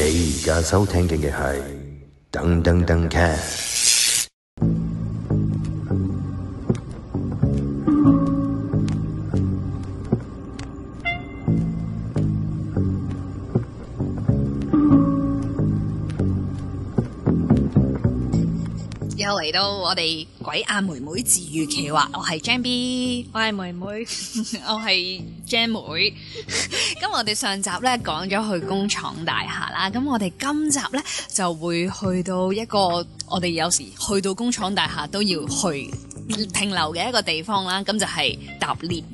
你而家收聽嘅係噔噔噔 cast。嚟到我哋鬼阿妹妹自娛其樂，我係 Jam B，我係妹妹， 我係 Jam 妹。咁 我哋上集咧講咗去工廠大廈啦，咁我哋今集咧就會去到一個我哋有時去到工廠大廈都要去停留嘅一個地方啦。咁就係搭 lift。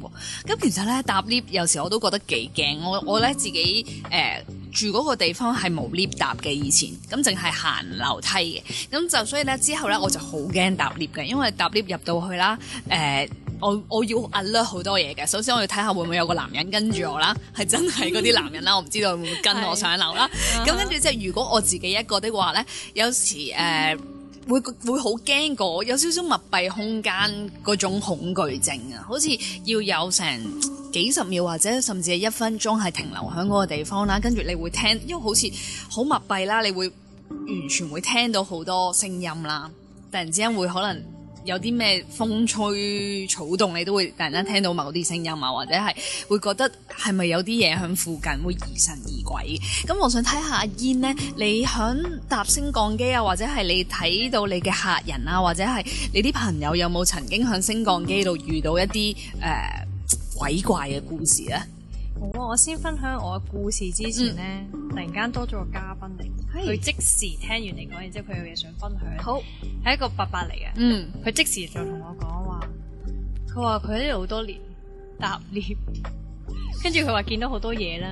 咁其實咧搭 lift 有時我都覺得幾驚，我我咧自己誒。呃住嗰個地方係冇 lift 搭嘅，以前咁淨係行樓梯嘅，咁就所以咧，之後咧我就好驚搭 lift 嘅，因為搭 lift 入到去啦，誒、呃，我我要 alert 好多嘢嘅，首先我要睇下會唔會有個男人跟住我啦，係真係嗰啲男人啦， 我唔知道會唔會跟我上樓啦，咁跟住即係如果我自己一個的話咧，有時誒、呃、會會好驚過有少少密閉空間嗰種恐懼症啊，好似要有成幾十秒或者甚至係一分鐘，係停留喺嗰個地方啦、啊。跟住你會聽，因為好似好密閉啦，你會完全會聽到好多聲音啦。突然之間會可能有啲咩風吹草動，你都會突然間聽到某啲聲音啊，或者係會覺得係咪有啲嘢喺附近會疑神疑鬼。咁我想睇下阿燕呢，你響搭升降機啊，或者係你睇到你嘅客人啊，或者係你啲朋友有冇曾經響升降機度遇到一啲誒、呃鬼怪嘅故事啊。好啊，我先分享我嘅故事之前咧，嗯、突然間多咗個嘉賓嚟，佢是即時聽完你講，然之後，佢有嘢想分享，好，係一個伯伯嚟嘅，嗯，佢即時就同我講話，佢話佢喺度好多年搭 𨋢，跟住佢話見到好多嘢啦，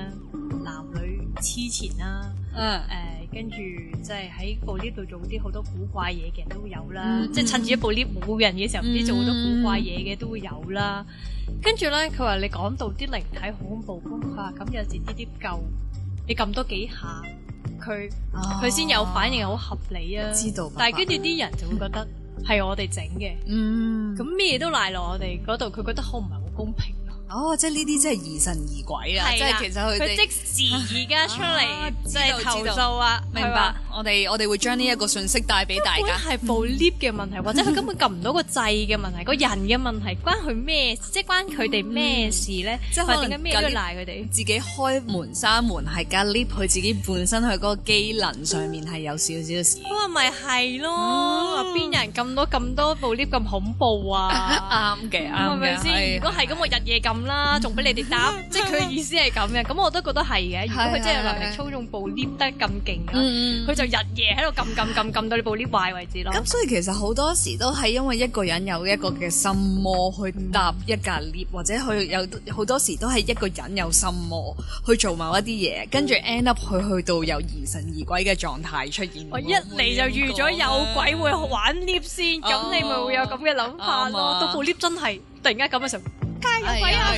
男女黐纏啦。Uh, 嗯，誒，跟住即係喺部 𨋢 度做啲好多古怪嘢嘅人都會有啦，嗯、即係趁住一部 𨋢 冇、嗯、人嘅時候，唔知、嗯、做好多古怪嘢嘅都會有啦。跟住咧，佢話你講到啲靈體好恐怖嘅，佢話咁有時啲啲夠你撳多幾下，佢佢先有反應，好合理啊。知道，但係跟住啲人就會覺得係我哋整嘅，嗯，咁咩都賴落我哋度，佢覺得好唔係好公平。哦，即係呢啲真係疑神疑鬼啊！即係其實佢佢即時而家出嚟即係投訴啊！明白？我哋我哋會將呢一個信息帶俾大家。根本係部 lift 嘅問題，或者佢根本撳唔到個掣嘅問題，個人嘅問題關佢咩？即係關佢哋咩事咧？即係可能咩都賴佢哋。自己開門閂門係加 lift，佢自己本身佢嗰個機能上面係有少少事。咁啊，咪係咯？邊人咁多咁多部 lift 咁恐怖啊？啱嘅，啱嘅。係咪先？如果係咁，我日夜咁。啦，仲俾你哋搭， 即係佢意思係咁嘅。咁 我都覺得係嘅。 如果佢真係有能力操縱部 lift 得咁勁，佢、 嗯、就日夜喺度撳撳撳撳到你部 lift 壞為止咯。咁、嗯嗯、所以其實好多時都係因為一個人有一個嘅心魔去搭一架 lift，或者去有好多時都係一個人有心魔去做某一啲嘢，跟住、嗯、end up 佢去到有疑神疑鬼嘅狀態出現。我一嚟就預咗有鬼會玩 lift 先，咁、嗯嗯、你咪會有咁嘅諗法咯。到 部 lift 真係突然間咁嘅時候。係啊，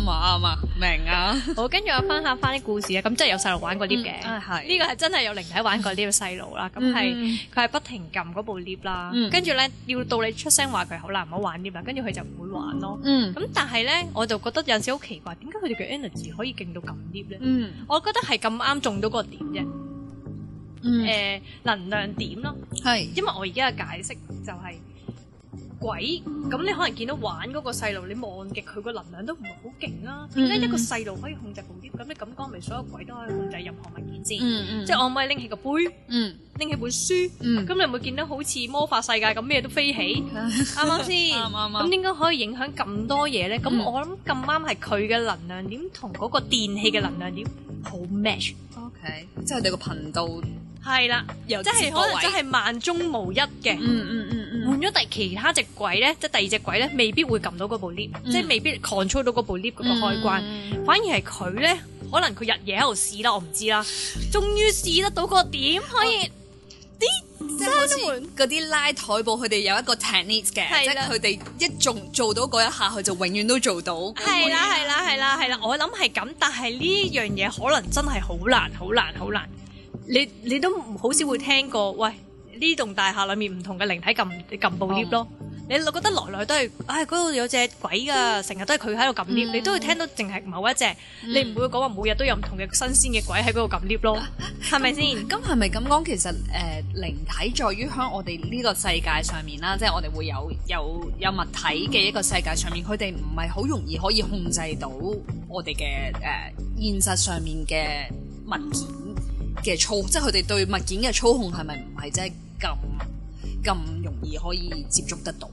啱啊，啱啊，明啊。好，跟住我翻下翻啲故事啊。咁即係有細路玩過 lift 嘅，呢個係真係有靈體玩過 lift 嘅細路啦。咁係佢係不停撳嗰部 lift 啦。跟住咧，要到你出聲話佢好難唔好玩 lift 啦。跟住佢就唔會玩咯。咁但係咧，我就覺得有陣時好奇怪，點解佢哋嘅 energy 可以勁到咁 lift 咧？我覺得係咁啱中到個點啫。誒，能量點咯，係，因為我而家嘅解釋就係。鬼咁你可能見到玩嗰個細路，你望極佢個能量都唔係好勁啦。點解一個細路可以控制部機，咁你感光咪所有鬼都可以控制任何物件先。即係我咪拎起個杯，拎起本書，咁你會見到好似魔法世界咁咩都飛起，啱唔啱先？啱啱啱。咁點解可以影響咁多嘢咧？咁我諗咁啱係佢嘅能量點同嗰個電器嘅能量點好 match。OK，即係你個頻道。係啦，又即係可能真係萬中無一嘅。嗯嗯嗯嗯。換咗第其他隻鬼咧，即係第二隻鬼咧，未必會撳到嗰部 lift，即係未必 control 到嗰部 lift 個開關。反而係佢咧，可能佢日夜喺度試啦，我唔知啦。終於試得到個點，可以啲即係好似嗰啲拉台布，佢哋有一個 technique 嘅，即係佢哋一做做到嗰一下，佢就永遠都做到。係啦係啦係啦係啦，我諗係咁，但係呢樣嘢可能真係好難好難好難。你你都好少會聽過，mm hmm. 喂！呢棟大廈裏面唔同嘅靈體撳撳部 lift 咯，oh. 你覺得來來都係，唉，嗰度有隻鬼噶，啊，成日都係佢喺度撳 lift，你都會聽到淨係某一隻，mm hmm. 你唔會講話每日都有唔同嘅新鮮嘅鬼喺嗰度撳 lift 咯，係咪先？咁係咪咁講？其實誒，靈，呃、體在於喺我哋呢個世界上面啦，即係我哋會有有有，有物體嘅一個世界上面，佢哋唔係好容易可以控制到我哋嘅誒現實上面嘅物嘅操，即係佢哋對物件嘅操控係咪唔係真係咁咁容易可以接觸得到？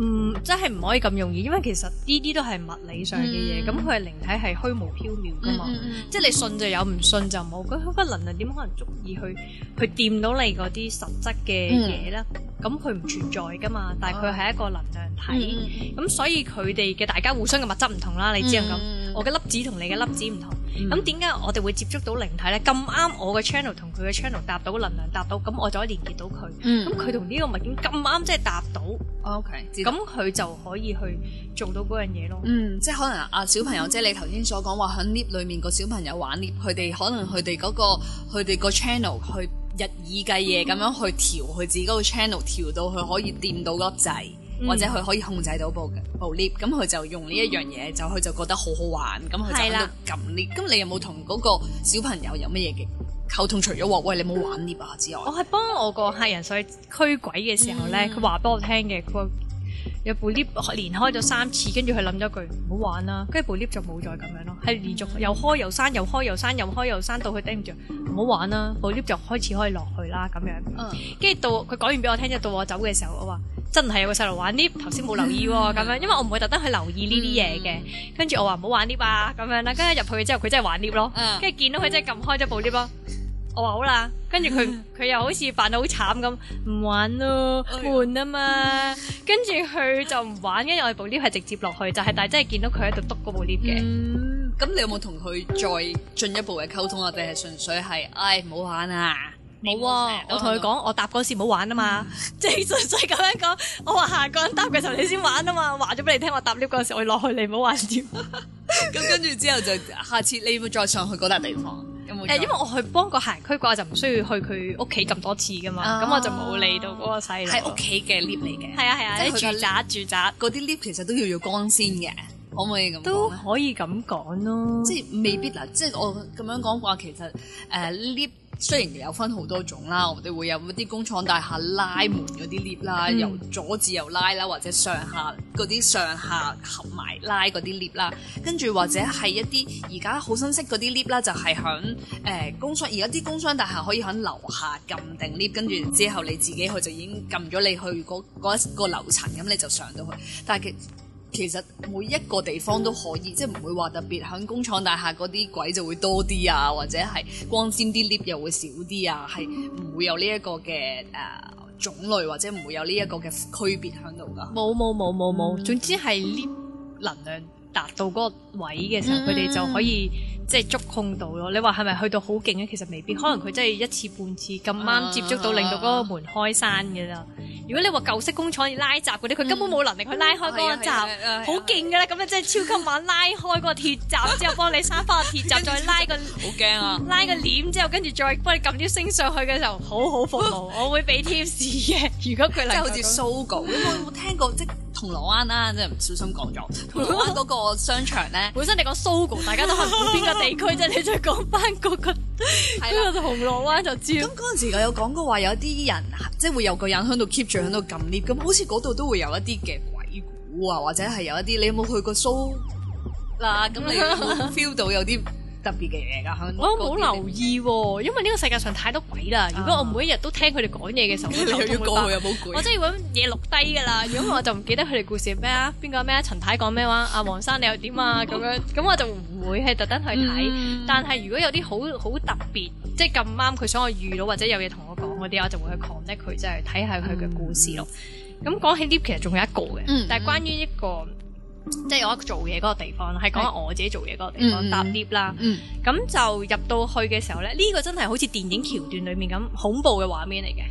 嗯，真係唔可以咁容易，因為其實呢啲都係物理上嘅嘢，咁佢係靈體係虛無縹緲㗎嘛，mm hmm. 即係你信就有，唔信就冇，佢、那、嗰個能量點可能足以去去掂到你嗰啲實質嘅嘢咧？咁佢唔存在㗎嘛，但係佢係一個能量體，咁、oh. 嗯嗯、所以佢哋嘅大家互相嘅物質唔同啦，你只能咁，我嘅粒子同你嘅粒子唔同，咁點解我哋會接觸到靈體咧？咁啱我嘅 channel 同佢嘅 channel 搭到，能量搭到，咁我就可以連結到佢，咁佢同呢個物件咁啱即係搭到，OK。咁佢就可以去做到嗰樣嘢咯。嗯，即係可能阿小朋友，嗯、即係你頭先所講話喺 𨋢 裡面個小朋友玩 𨋢，佢哋可能佢哋嗰個佢哋個 channel 去日以繼夜咁樣去調佢、嗯、自己嗰個 channel，調到佢可以掂到粒掣，嗯、或者佢可以控制到部嘅部 𨋢。咁佢、嗯、就用呢一樣嘢，就佢、嗯、就覺得好好玩。咁佢就喺度撳 𨋢。咁啦你有冇同嗰個小朋友有乜嘢嘅溝通？除咗話喂，你冇玩 𨋢 啊之外，我係幫我個客人所以驅鬼嘅時候咧，佢話俾我聽嘅，佢有部 lift 連開咗三次，跟住佢諗咗句唔好玩啦，跟住部 lift 就冇再咁樣咯，係連續又開又閂又開又閂又開又閂，到佢頂唔住，唔好玩啦，部 lift 就開始可以落去啦咁樣，跟住、嗯、到佢講完俾我聽，就到我走嘅時候，我話真係有個細路玩 lift，頭先冇留意喎咁樣，因為我唔會特登去留意呢啲嘢嘅，跟住我話唔好玩 lift 啊咁樣啦，跟住入去之後佢真係玩 lift 咯，跟住、嗯、見到佢真係撳開咗部 lift 咯。我話好啦，跟住佢佢又好似扮到好慘咁，唔玩咯，悶啊嘛。跟住佢就唔玩，因為我部 lift 係直接落去，就係但係真係見到佢喺度督嗰部 lift 嘅。咁、嗯、你有冇同佢再進一步嘅溝通啊？定係純粹係，唉，唔好玩，玩啊！冇、嗯，我同佢講，我搭嗰時唔好玩啊嘛。即係純粹咁樣講，我話下個人搭嘅時候你先玩啊嘛，話咗俾你聽，我搭 lift 嗰時我落去你唔好玩添。咁 跟住之後就下次你會再上去嗰笪地方？嗯、有冇？誒，因為我去幫個行區啩，就唔需要去佢屋企咁多次噶嘛。咁、啊、我就冇理到嗰個細路喺屋企嘅 lift 嚟嘅。係啊係啊，即係、嗯、住宅住宅嗰啲 lift 其實都要用光纖嘅，可唔、嗯、可以咁講都可以咁講咯，即係未必嗱，嗯、即係我咁樣講話，其實誒 lift。Uh, 雖然有分好多種啦，我哋會有嗰啲工廠大廈拉門嗰啲 lift 啦，由、嗯、左至右拉啦，或者上下嗰啲上下合埋拉嗰啲 lift 啦，跟住或者係一啲而家好新式嗰啲 lift 啦，就係響誒工商。而家啲工商大廈可以響樓下撳定 lift，跟住之後你自己去就已經撳咗你去嗰、嗰個、一個樓層咁，你就上到去，但係其其實每一個地方都可以，即係唔會話特別喺工廠大廈嗰啲鬼就會多啲啊，或者係光鮮啲 lift 又會少啲啊，係唔會有呢一個嘅誒、呃、種類，或者唔會有呢一個嘅區別喺度㗎。冇冇冇冇冇，總之係 lift 能量達到嗰個位嘅時候，佢哋、mm hmm. 就可以。即係觸控到咯，你話係咪去到好勁咧？其實未必，可能佢真係一次半次咁啱接觸到，令到嗰個門開山嘅啦。如果你話舊式工廠要拉閘嗰啲，佢根本冇能力去拉開嗰個閘，好勁嘅咧，咁咧真係超級猛，拉開嗰個鐵閘之後幫你閂翻個鐵閘，再拉個好驚啊！拉個簾之後跟住再幫你撳啲升上去嘅時候，好好服務，我會俾貼士嘅。如果佢即係好似掃稿，有冇有冇聽過即？銅鑼灣啦、啊，即係唔小心講咗銅鑼灣嗰個商場咧， 本身你講 Sogo，大家都係唔知邊個地區啫， 你再講翻嗰個，喺個 了銅鑼灣就知。咁嗰陣時我有講過話，有啲人即係會有個人喺度 keep 住喺度撳 lift，咁好似嗰度都會有一啲嘅鬼故啊，或者係有一啲，你有冇去過 Sogo？嗱、啊，咁你 feel 到有啲。 特別嘅嘢㗎，我都冇留意喎，因為呢個世界上太多鬼啦。如果我每一日都聽佢哋講嘢嘅時候，又要講又冇鬼，我真係要揾嘢錄低㗎啦。如果我就唔記得佢哋故事咩啊，邊個咩啊，陳太講咩話，阿黃生你又點啊咁樣，咁我就唔會係特登去睇。但係如果有啲好好特別，即係咁啱佢想我遇到或者有嘢同我講嗰啲，我就會去 connect 佢，即係睇下佢嘅故事咯。咁講起呢，其實仲有一個嘅，但係關於一個。即係我做嘢嗰個地方，係講我自己做嘢嗰個地方搭 lift 啦。咁就入到去嘅時候咧，呢個真係好似電影橋段裏面咁恐怖嘅畫面嚟嘅，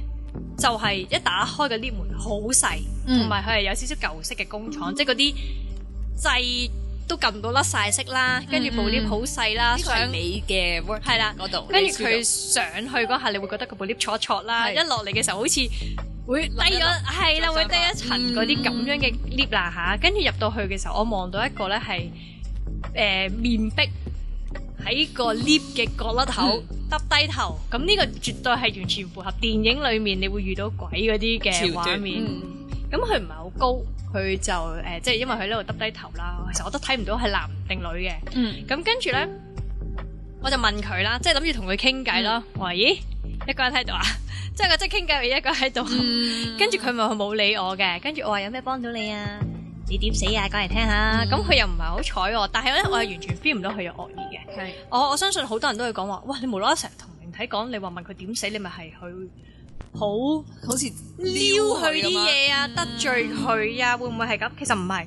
就係一打開個 lift 門好細，同埋佢係有少少舊式嘅工廠，即係嗰啲掣都撳到甩晒色啦，跟住部 lift 好細啦，細尾嘅 work 係啦嗰度，跟住佢上去嗰下，你會覺得個部 lift 錯一錯啦，一落嚟嘅時候好似。會低咗，係啦，會低一層嗰啲咁樣嘅 lift 啦吓，跟住入到去嘅時候，我望到一個咧係誒面壁喺個 lift 嘅角落頭耷低頭，咁呢個絕對係完全符合電影裏面你會遇到鬼嗰啲嘅畫面。咁佢唔係好高，佢就誒即係因為佢喺度耷低頭啦，其實我都睇唔到係男定女嘅。咁跟住咧，我就問佢啦，即係諗住同佢傾偈咯。我話咦？一個人喺度啊？即係我即係傾偈，而一個喺度。跟住佢咪冇理我嘅，跟住我話，有咩幫到你啊？你點死啊？講嚟聽下。咁佢、嗯、又唔係好睬，但係咧我係完全 feel 唔到佢有惡意嘅。係我我相信好多人都會講話，喂，你無啦啦成日同靈體講，你話問佢點死，你咪係佢好好似撩佢啲嘢啊，得罪佢啊，會唔會係咁？其實唔係。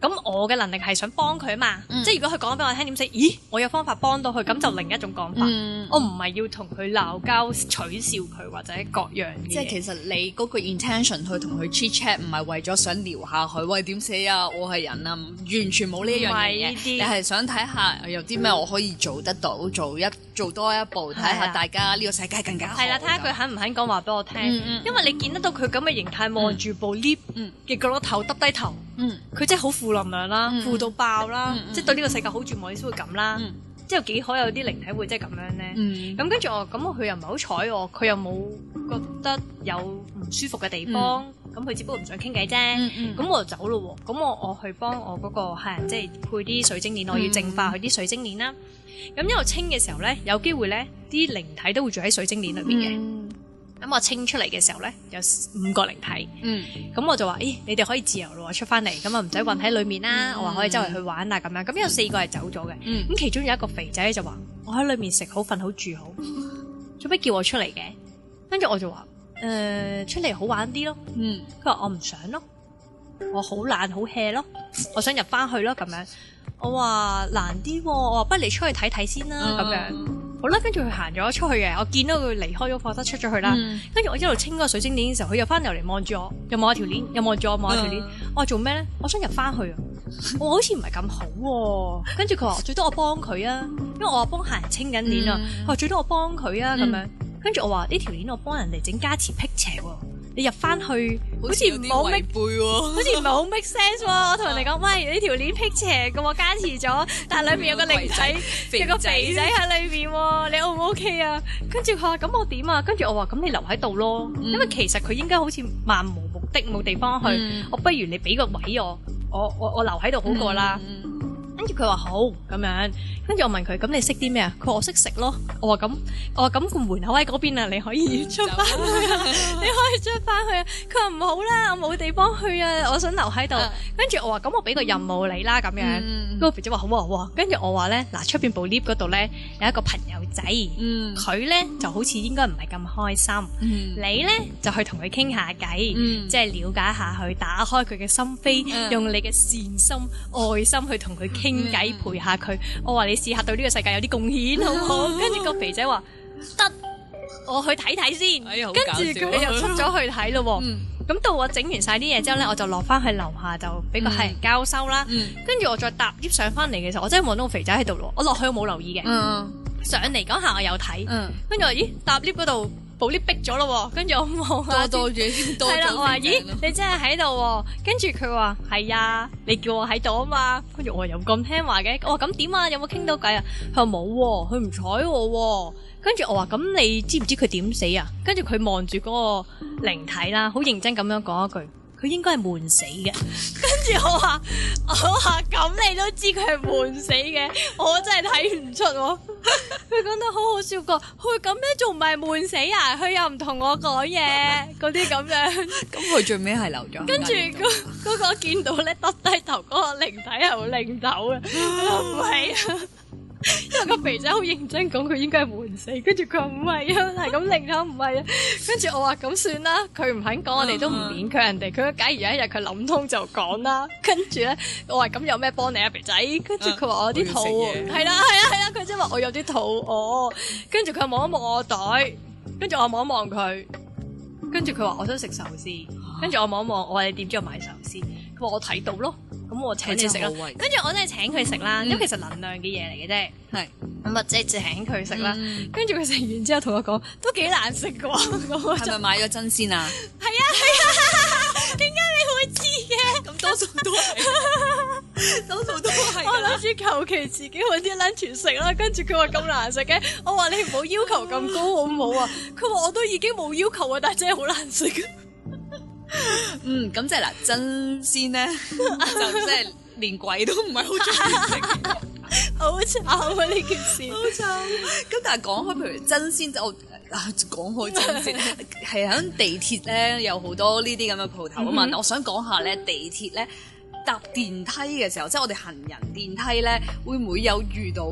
咁我嘅能力係想幫佢嘛，嗯、即係如果佢講俾我聽點死，咦，我有方法幫到佢，咁就另一種講法。嗯、我唔係要同佢鬧交、取笑佢或者各樣嘢。即係其實你嗰個 intention 去同佢 chit chat 唔係為咗想撩下佢，喂點死啊？我係人啊，完全冇呢的一樣嘢。你係想睇下有啲咩我可以做得到，嗯、做一做多一步，睇下大家呢個世界更加好。係啦、啊，睇下佢肯唔肯講話俾我聽。嗯、因為你見得到佢咁嘅形態，望住部 lift 嘅個頭耷低頭。嗯，佢即係好負能量啦，負到爆啦，嗯、即係對呢個世界好絕望，你先會咁啦。即係、嗯、有幾可有啲靈體會即係咁樣咧。咁跟住我，咁佢又唔係好彩喎，佢又冇覺得有唔舒服嘅地方，咁佢、嗯、只不過唔想傾偈啫。咁、嗯嗯、我就走咯喎、啊，咁我我去幫我嗰個客人即係配啲水晶鏈，我要淨化佢啲水晶鏈啦。咁、嗯嗯、因為清嘅時候咧，有機會咧啲靈體都會住喺水晶鏈裏邊嘅。嗯咁我清出嚟嘅時候咧，有五個靈體。嗯，咁我就話：，誒、欸，你哋可以自由咯，出翻嚟，咁啊唔使困喺裏面啦。嗯、我話可以周圍去玩啊，咁樣。咁有四個係走咗嘅。咁、嗯、其中有一個肥仔就話：，我喺裏面食好、瞓好、住好，做咩叫我出嚟嘅？跟住我就話：，誒、呃，出嚟好玩啲咯。嗯，佢話我唔想咯，我好懶好 hea 咯，我想入翻去咯，咁樣。我話難啲，我話不如你出去睇睇先啦，咁、嗯、樣。好啦，跟住佢行咗出去嘅，我見到佢離開咗課室，出咗去啦。跟住、嗯、我一路清嗰個水晶鏈嘅時候，佢又翻入嚟望住我，又望下條鏈，又望住我鏈，望下條鏈。我話做咩咧？我想入翻去、啊。我好似唔係咁好、啊。跟住佢話最多我幫佢啊，嗯、因為我幫客人清緊鏈啊。佢話、嗯、最多我幫佢啊，咁、嗯、樣。跟住我話呢條鏈我幫人哋整加持辟邪喎你入翻去，好似唔係好 make 背，好似唔好 make sense、啊 我 ai,。我同人哋講，喂，呢條鏈辟邪咁，我加持咗，但係裏邊有個靈 肥仔，有個肥仔喺裏面。你 O 唔 OK 啊？跟住佢話咁我點啊？跟住我話咁你留喺度咯，嗯、因為其實佢應該好似漫無目的，冇地方去。嗯、我不如你俾個位我，我我我留喺度好過啦。跟住佢話好咁樣。跟住我問佢：咁你識啲咩啊？佢話我識食咯。我話咁，我話咁個門口喺嗰邊啊，你可以出翻去，你可以出翻去啊！佢話唔好啦，我冇地方去啊，我想留喺度。跟住我話咁，我俾個任務你啦，咁樣嗰個肥仔話好啊，哇！跟住我話咧，嗱出邊部 lift 嗰度咧有一個朋友仔，佢咧就好似應該唔係咁開心，你咧就去同佢傾下偈，即係瞭解下佢，打開佢嘅心扉，用你嘅善心、愛心去同佢傾偈，陪下佢。我話你，試下對呢個世界有啲貢獻，好唔好？跟住個肥仔話得， 我去睇睇先。跟住你又出咗去睇咯，咁、 嗯、到我整完晒啲嘢之後咧， 我就落翻去樓下就俾個客人交收啦。跟住、 嗯、我再搭 lift 上翻嚟嘅時候，我真係望到個肥仔喺度咯。我落去我冇留意嘅， 上嚟嗰下我有睇。跟住我話咦，搭 lift 嗰度。保啲逼咗咯，跟住我望下，係多多 啦，我話說咦，你真係喺度？跟住佢話係啊，你叫我喺度啊嘛。跟住我話又咁聽話嘅，我話咁點啊？有冇傾到偈啊？佢話冇，佢唔睬我。跟住我話咁，你知唔知佢點死啊？跟住佢望住嗰個靈體啦，好認真咁樣講一句。佢應該係悶死嘅，跟住我話我話咁你都知佢係悶死嘅，我真係睇唔出。佢 講得好好笑，個佢咁樣仲唔係悶死啊？佢又唔同我講嘢嗰啲咁樣。咁佢最尾係留咗。 跟住嗰嗰個見 到咧耷低頭嗰個靈體又擰走啊，唔係啊。 因為個肥仔好認真講，佢應該係悶死， 跟住佢話唔係啊，係咁擰啊，唔係啊，跟住我話，咁算啦，佢唔肯講，我哋都唔勉強人哋，佢假如有一日佢諗通就講啦。 跟住咧，我話，咁有咩幫你啊，肥仔？跟住佢話，我有啲肚，係啦係啊，係啊。佢即係話我有啲肚餓。跟住佢望一望我袋，跟住我望一望佢，跟住佢話，我想食壽司。跟住我望一望我，話你點知我買壽司？佢話，我睇到咯。咁我請你食啦，跟住我真係請佢食啦，咁其實能量嘅嘢嚟嘅啫，係咁啊，即係請佢食啦，跟住佢食完之後同我講，都幾難食嘅，係咪買咗爭鮮啊？係啊係啊，點解你會知嘅？咁多數都係，多數都係。我諗住求其自己搵啲 lunch 食啦，跟住佢話咁難食嘅，我話你唔好要求咁高好唔好啊？佢話我都已經冇要求啊，但真係好難食。嗯，咁即係嗱，爭鮮咧，就即係連鬼都唔係 好中意食， 好慘啊呢件事。好慘。咁但係講開，譬如爭鮮，我啊講開爭鮮，係喺 地鐵咧有好多呢啲咁嘅鋪頭啊嘛。Mm hmm. 但我想講下咧，地鐵咧搭電梯嘅時候，即係我哋行人電梯咧，會唔會有遇到？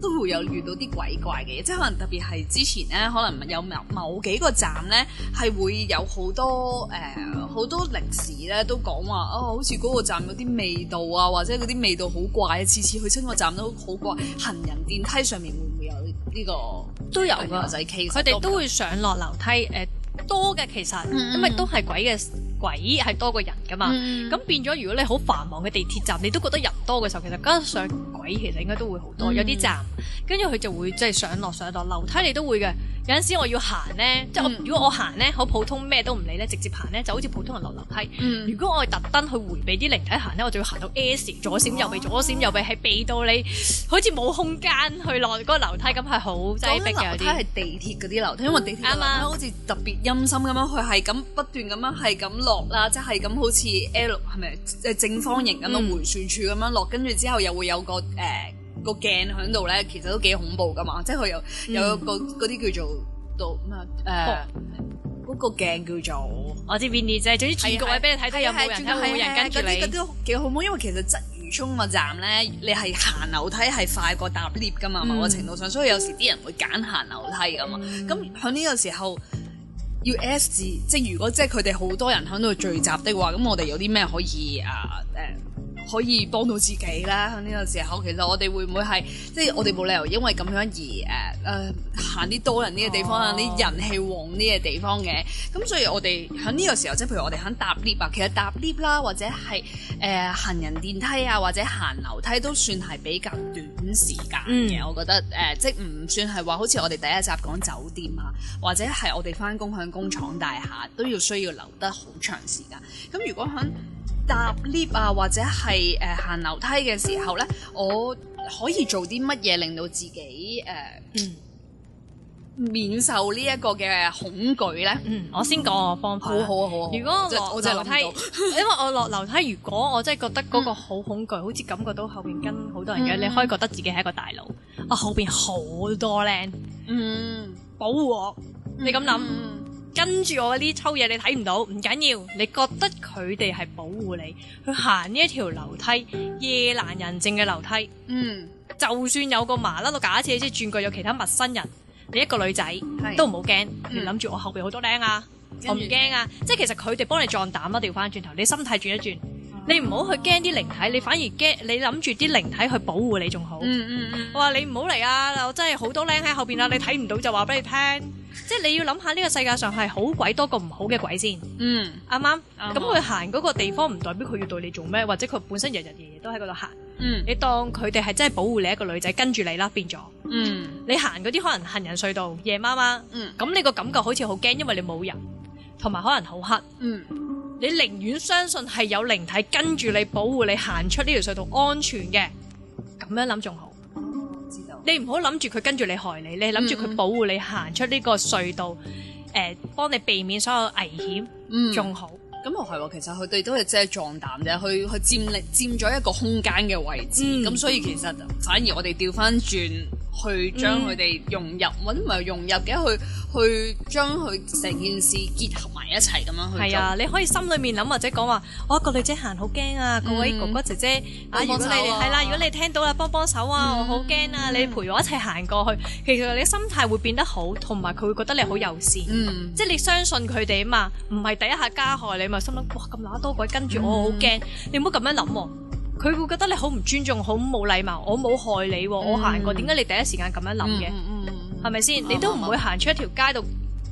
都會有遇到啲鬼怪嘅嘢，即係可能特別係之前咧，可能有某，某幾個站咧，係會有好多誒好、呃、多靈士咧都講話，哦，好似嗰個站有啲味道啊，或者嗰啲味道好怪，啊。次次去親個站都好怪。行人電梯上面會唔會有呢、這個都有仔嘅，佢哋都會上落樓梯誒、呃，多嘅其實，mm hmm. 因為都係鬼嘅。鬼係多過人噶嘛，咁、嗯、變咗如果你好繁忙嘅地鐵站，你都覺得人多嘅時候，其實加上鬼其實應該都會好多，有啲站跟住佢就會即係上落上落樓梯你都會嘅。有陣時我要行咧，即係我、嗯、如果我行咧，好普通咩都唔理咧，直接行咧，就好似普通人落樓梯。嗯、如果我係特登去回避啲靈體行咧，我就要行到 S 左閃右避，左閃右避，係避到你好似冇空間去落嗰個樓梯咁，係好擠迫嘅啲。嗰個樓梯係地鐵嗰啲樓梯，嗯、因為地鐵啱嘛，好似特別陰森咁樣，佢係咁不斷咁樣係咁落啦，即係咁好似 L 係咪？誒正方形咁樣迴旋處咁樣落，跟住之後又會有個誒。呃嗯個鏡喺度咧，其實都幾恐怖噶嘛，即係佢有、嗯、有個嗰啲叫做到咩？誒，嗰、呃哦、個鏡叫做我知邊啲啫，總之主角俾你睇到有冇人是是是是，有冇人跟住你、嗯。嗰啲幾好冇，因為其實鰂魚涌個站咧，你係行樓梯係快過搭 lift 噶嘛，某個程度上，所以有時啲人會揀行樓梯噶嘛。咁喺呢個時候要 S 字，即係如果即係佢哋好多人喺度聚集的話，咁我哋有啲咩可以啊？誒、呃。可以幫到自己啦！喺呢個時候，其實我哋會唔會係、嗯、即係我哋冇理由因為咁樣而誒誒行啲多人呢個地方啊，啲、哦、人氣旺呢個地方嘅？咁所以，我哋喺呢個時候，即係譬如我哋肯搭 lift 啊，其實搭 lift 啦，或者係誒、呃、行人電梯啊，或者行樓梯都算係比較短時間嘅。嗯、我覺得誒、呃，即係唔算係話好似我哋第一集講酒店啊，或者係我哋翻工喺工廠大廈都要需要留得好長時間。咁如果喺搭 lift 啊，或者係誒、呃、行樓梯嘅時候咧，我可以做啲乜嘢令到自己誒、呃嗯、免受呢一個嘅恐懼咧？嗯，我先講個方法、嗯。好啊好啊！好好如果我落樓梯，因為我落樓梯，如果我真係覺得嗰個好恐懼，嗯、好似感覺到後邊跟好多人嘅，嗯、你可以覺得自己係一個大佬，啊後邊好多僆，嗯，保護我，嗯、你咁諗、嗯。跟住我呢抽嘢，你睇唔到，唔緊要。你覺得佢哋係保護你，去行呢一條樓梯，夜闌人靜嘅樓梯。嗯，就算有個麻甩佬假設，即係轉過有其他陌生人，你一個女仔是都唔好驚。你諗住我後邊好多靚啊，我唔驚啊。即係其實佢哋幫你壯膽啊，調翻轉頭，你心態轉一轉，你唔好去驚啲靈體，你反而驚你諗住啲靈體去保護你仲好。嗯嗯嗯。嗯嗯我話你唔好嚟啊！我真係好多靚喺後邊啊！你睇唔到就話俾你聽。即係你要諗下呢個世界上係好鬼多個唔好嘅鬼先，嗯，啱唔啱？咁佢行個地方唔代表佢要對你做咩，嗯、或者佢本身日日夜夜都喺度行，嗯，你當佢哋係真係保護你一個女仔跟住你啦，變咗，嗯，你行啲可能行人隧道，夜媽媽，嗯，咁你個感覺好似好驚，因為你冇人，同埋可能好黑，嗯，你寧願相信係有靈體跟住你保護你行出呢條隧道安全嘅，咁樣諗仲好。你唔好諗住佢跟住你害你，你諗住佢保護你行出呢個隧道，誒、呃，幫你避免所有危險，仲、嗯、好咁又係喎。其實佢哋都係即係壯膽嘅，去去佔領佔咗一個空間嘅位置，咁、嗯、所以其實反而我哋掉返轉。去將佢哋融入，或者唔係融入嘅，去去將佢成件事結合埋一齊咁樣去做。係啊，你可以心裏面諗或者講話，我一個女仔行好驚啊！各位哥哥姐姐，啊，如果你係啦，如果你聽到啦，幫幫手啊，我好驚啊！你陪我一齊行過去。其實你嘅心態會變得好，同埋佢會覺得你好友善，即係你相信佢哋啊嘛，唔係第一下加害你，咪心諗，哇咁乸多鬼，跟住我好驚，你唔好咁樣諗喎。佢會覺得你好唔尊重，好冇禮貌。我冇害你，嗯、我行過，點解你第一時間咁樣諗嘅？係咪先？你都唔會行出一條街度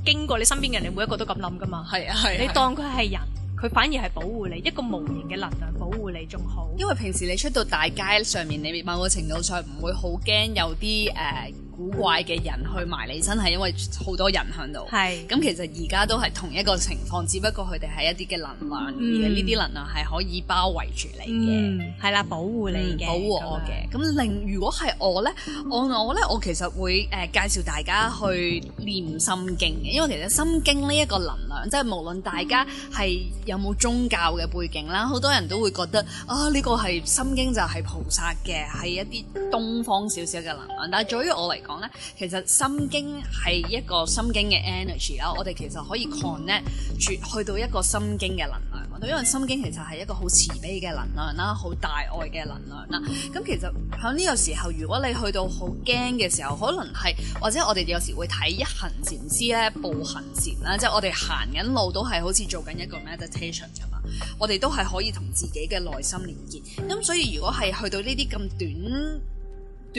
經過你身邊嘅人，你每一個都咁諗噶嘛？係啊，係，你當佢係人，佢反而係保護你，一個無形嘅能量保護你仲好。因為平時你出到大街上面，你某個程度上唔會好驚有啲誒，Uh, 古怪嘅人去埋你身，係因為好多人響度。係是，咁，其實而家都係同一個情況，只不過佢哋係一啲嘅能量，而呢啲能量係可以包圍住你嘅，係啦、嗯，保護你嘅，保護我嘅。咁令樣如果係我咧，我我咧，我其實會誒、呃、介紹大家去念心經嘅，因為其實心經呢一個能量，即係無論大家係有冇宗教嘅背景啦，好多人都會覺得啊，呢、這個係心經就係菩薩嘅，係一啲東方少少嘅能量。但係對於我嚟。講咧，其實心經係一個心經嘅 energy 啦，我哋其實可以 connect 住去到一個心經嘅能量。因為心經其實係一個好慈悲嘅能量啦，好大愛嘅能量啦。咁其實喺呢個時候，如果你去到好驚嘅時候，可能係或者我哋有時會睇一行禪師咧、步行禪啦，即係我哋行緊路都係好似做緊一個 meditation 咁嘛。我哋都係可以同自己嘅內心連結。咁所以如果係去到呢啲咁短，短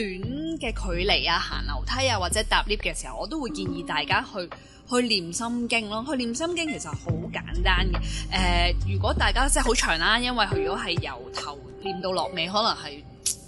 嘅距離啊，行樓梯啊，或者搭 lift 嘅時候，我都會建議大家去去唸心經咯。去念心經其實好簡單嘅。誒、呃，如果大家即係好長啦、啊，因為佢如果係由頭念到落尾，可能係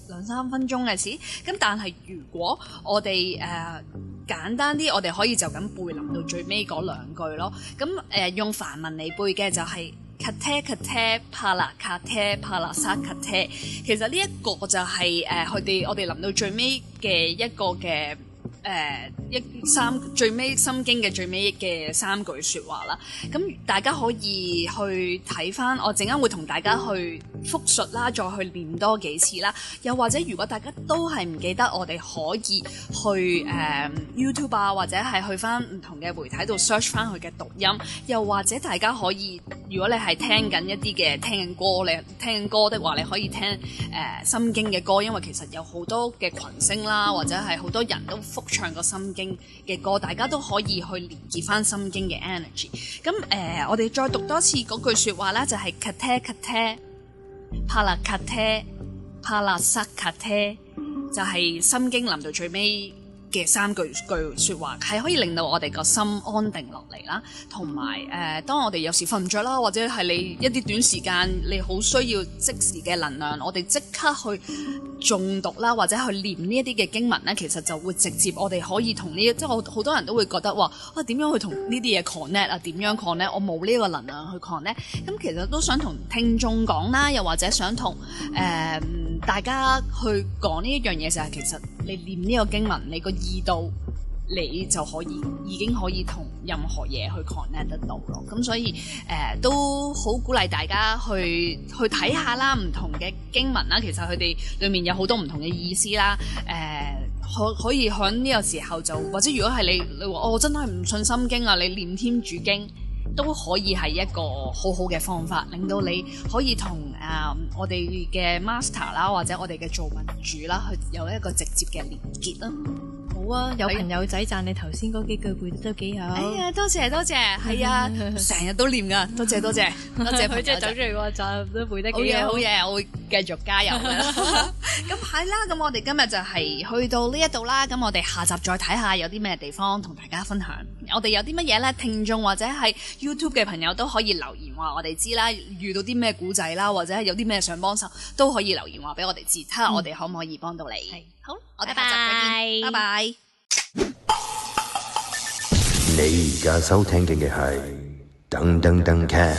兩三分鐘嘅事。咁但係如果我哋誒、呃、簡單啲，我哋可以就咁背唸到最尾嗰兩句咯。咁誒、呃、用梵文嚟背嘅就係、是。cutte cutte，怕垃圾 cutte，怕垃圾 cutte。其實呢、就是呃、一個就係誒，佢哋我哋臨到最尾嘅一個嘅誒一三最尾心經嘅最尾嘅三句説話啦。咁、嗯、大家可以去睇翻，我陣間會同大家去復述啦，再去練多幾次啦。又或者如果大家都係唔記得，我哋可以去誒、呃、YouTube 啊，或者係去翻唔同嘅媒體度 search 翻佢嘅讀音，又或者大家可以。如果你係聽緊一啲嘅聽緊歌，你聽緊歌的話，你可以聽誒、呃、心經嘅歌，因為其實有好多嘅群星啦，或者係好多人都復唱個心經嘅歌，大家都可以去連結翻心經嘅 energy。咁誒、呃，我哋再讀多次嗰句説話咧，就係 kate 帕勒 k a 帕勒塞 k a 就係心經臨到最尾。嘅三句句説話，係可以令到我哋個心安定落嚟啦，同埋誒當我哋有時瞓唔着啦，或者係你一啲短時間你好需要即時嘅能量，我哋即刻去中毒啦，或者去念呢一啲嘅經文咧，其實就會直接我哋可以同呢，即係我好多人都會覺得話啊點樣去同呢啲嘢 connect 啊？點樣 connect？我冇呢個能量去 connect、嗯。咁其實都想同聽眾講啦，又或者想同誒、呃、大家去講呢一樣嘢就係其實你念呢個經文，你個。二到你就可以已經可以同任何嘢去 connect 得到咯。咁所以誒、呃、都好鼓勵大家去去睇下啦，唔同嘅經文啦。其實佢哋裏面有好多唔同嘅意思啦。誒、呃、可可以響呢個時候就，或者如果係你你話我、哦、真係唔信《心經》啊，你念《天主經》都可以係一個好好嘅方法，令到你可以同誒、呃、我哋嘅 master 啦，或者我哋嘅造物主啦，去有一個直接嘅連結啦。好啊，有朋友仔讚你頭先嗰幾句背得都幾好。哎呀，多謝多謝，係啊，成日都念噶，多謝多謝，多謝。佢真係走出嚟讚，都背得好嘢，好嘢，我會繼續加油、 嗯、啦。咁係啦，咁我哋今日就係去到呢一度啦，咁我哋下集再睇下有啲咩地方同大家分享。我哋有啲乜嘢咧？聽眾或者係 YouTube 嘅朋友都可以留言話我哋知啦。遇到啲咩古仔啦，或者係有啲咩想幫手，都可以留言話俾我哋知。睇下、嗯、我哋可唔可以幫到你？是好，我哋下集再見，拜拜。拜拜 bye。Bye bye 你而家收聽嘅係《噔噔噔 Cast》。